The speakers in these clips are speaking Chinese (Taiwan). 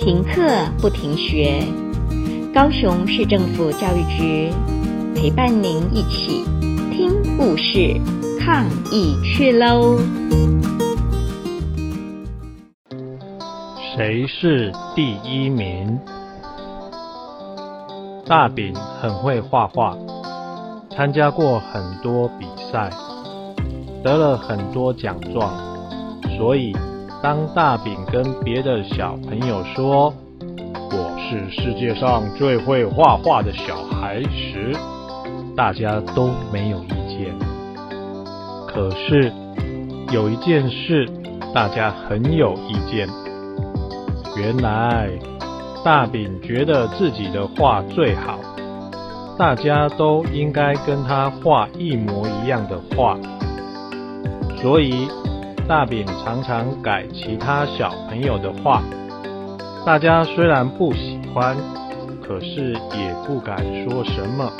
停課不停學，高雄市政府教育局陪伴您一起聽故事、抗疫趣嘍。誰是第一名？大餅很會畫畫，參加過很多比賽，得了很多獎狀，所以。當大餅跟別的小朋友說：“我是世界上最會畫畫的小孩”時，大家都沒有意見。可是有一件事，大家很有意見。原來大餅覺得自己的畫最好，大家都應該跟他畫一模一樣的畫。所以，大餅常常改其他小朋友的畫，大家雖然不喜歡，可是也不敢說什麼，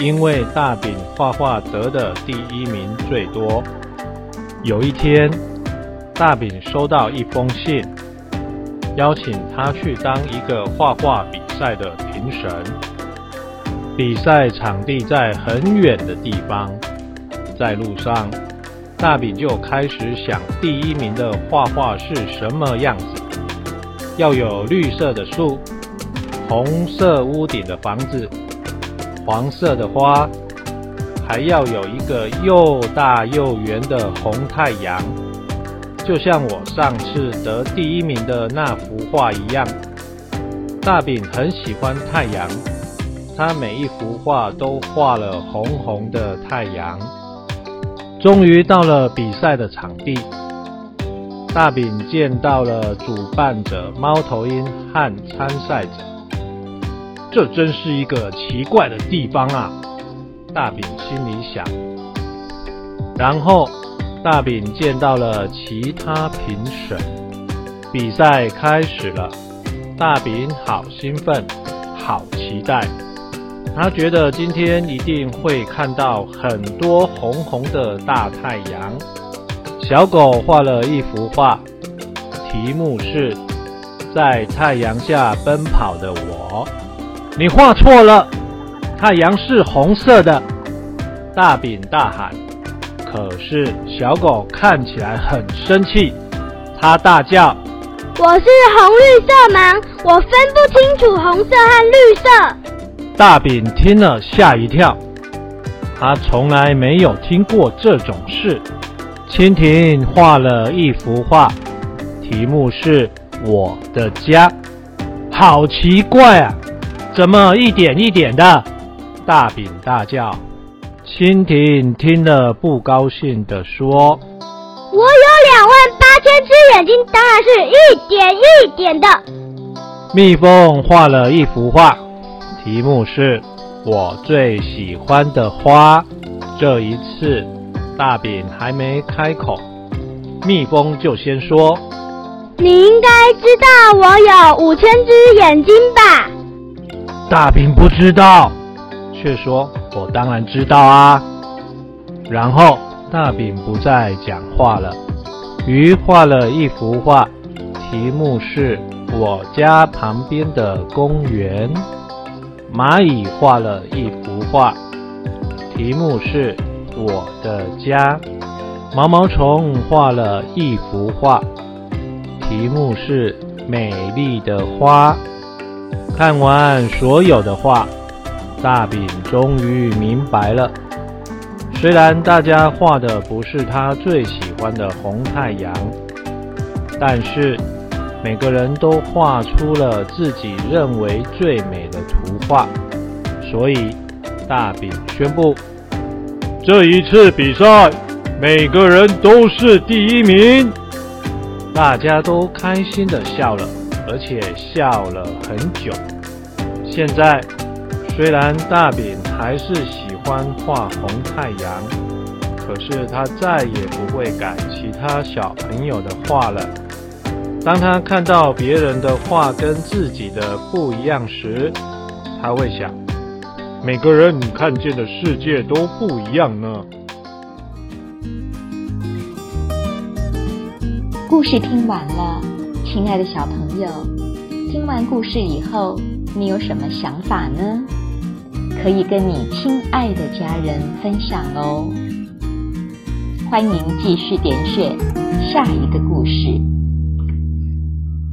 因為大餅畫畫得的第一名最多。有一天，大餅收到一封信，邀請他去當一個畫畫比賽的評審。比賽場地在很遠的地方，在路上。大餅就開始想第一名的畫畫是什麼樣子，要有綠色的樹、紅色屋頂的房子、黃色的花，還要有一個又大又圓的紅太陽，就像我上次得第一名的那幅畫一樣。大餅很喜歡太陽，他每一幅畫都畫了紅紅的太陽。終於到了比賽的場地，大餅見到了主辦者貓頭鷹和參賽者。這真是一個奇怪的地方啊！大餅心裡想。然後，大餅見到了其他評審。比賽開始了，大餅好興奮，好期待。他覺得今天一定會看到很多紅紅的大太陽。小狗畫了一幅畫，題目是“在太陽下奔跑的我”。你畫錯了，太陽是紅色的。大餅大喊。可是小狗看起來很生氣，他大叫：“我是紅綠色盲，我分不清楚紅色和綠色。”大餅聽了嚇一跳，他從來沒有聽過這種事。蜻蜓畫了一幅畫，題目是“我的家”，好奇怪啊！怎麼一點一點的？大餅大叫。蜻蜓聽了不高興地說：“我有兩萬八千隻眼睛，當然是一點一點的。”蜜蜂畫了一幅畫。題目是我最喜歡的花。這一次，大餅還沒開口，蜜蜂就先說：“你應該知道我有五千隻眼睛吧？”大餅不知道，卻說：“我當然知道啊。”然後大餅不再講話了。魚畫了一幅畫，題目是我家旁邊的公園。螞蟻畫了一幅畫，題目是“我的家”。毛毛蟲畫了一幅畫，題目是“美麗的花”。看完所有的畫，大餅終於明白了。雖然大家畫的不是他最喜歡的紅太陽，但是。每個人都畫出了自己認為最美的圖畫，所以大餅宣布這一次比賽，每個人都是第一名。大家都開心的笑了，而且笑了很久。現在，雖然大餅還是喜歡畫紅太陽，可是他再也不會改其他小朋友的畫了。當他看到別人的畫跟自己的不一樣時，他會想：每個人你看見的世界都不一樣呢。故事聽完了，親愛的小朋友，聽完故事以後，你有什麼想法呢？可以跟你親愛的家人分享哦。歡迎繼續點選下一個故事。